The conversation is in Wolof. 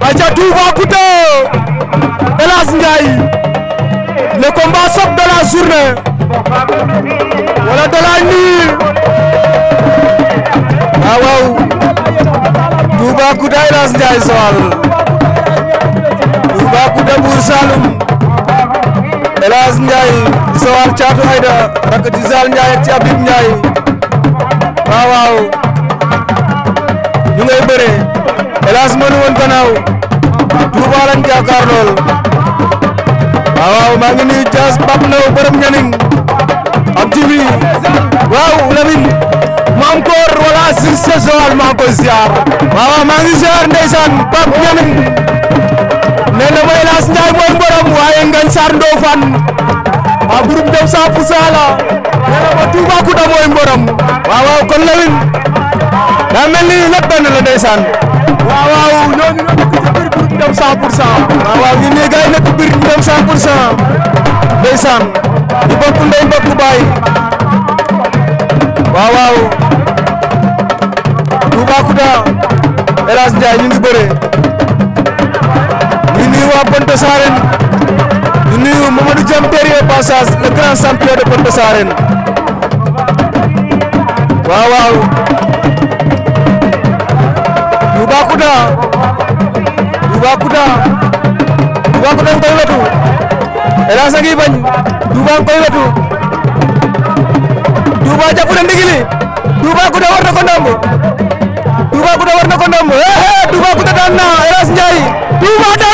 aca Toubacouta El Hadj Ndiaye le combat choc de la journée wala de la nuit ah waaw waaw Toubacouta El Hadj Ndiaye sawal Toubacouta Mbour Saloum El Hadj Ndiaye sawal Thiatou Aïda rakk ci Zal Ndiaye Fass mënu woon gannaaw Touba lañ jàkkaar lool waaw waaw ngi nuyu Dias Pape Ndaw borom ñaning am ci waaw Lamin mu am wala sur saison maa koy ziar waaw waaw ngi ziar ndeysaan Pape ñaning nee na may laas Njaay ngañ dem waaw kon Lamin la Wow, waaw ñoo ñu nekk ci biir groupe dem 100 pour 100. waaw waaw ñun ñii gars yi nekk biir dem 100 pour 100. ndeysaan di bokk ndey bokk baay. waaw waaw. Toubacouta El Hadj Ndiaye ñu ngi bëree. ñu nuyu waa Toubacouta Toubacouta Toubacouta nga koy wetu El Hadj ngi bañ Touba nga koy wetu Touba ndigili Toubacouta war na ko ndomb Toubacouta war na ko daan na El Hadj Ndiaye Toubacouta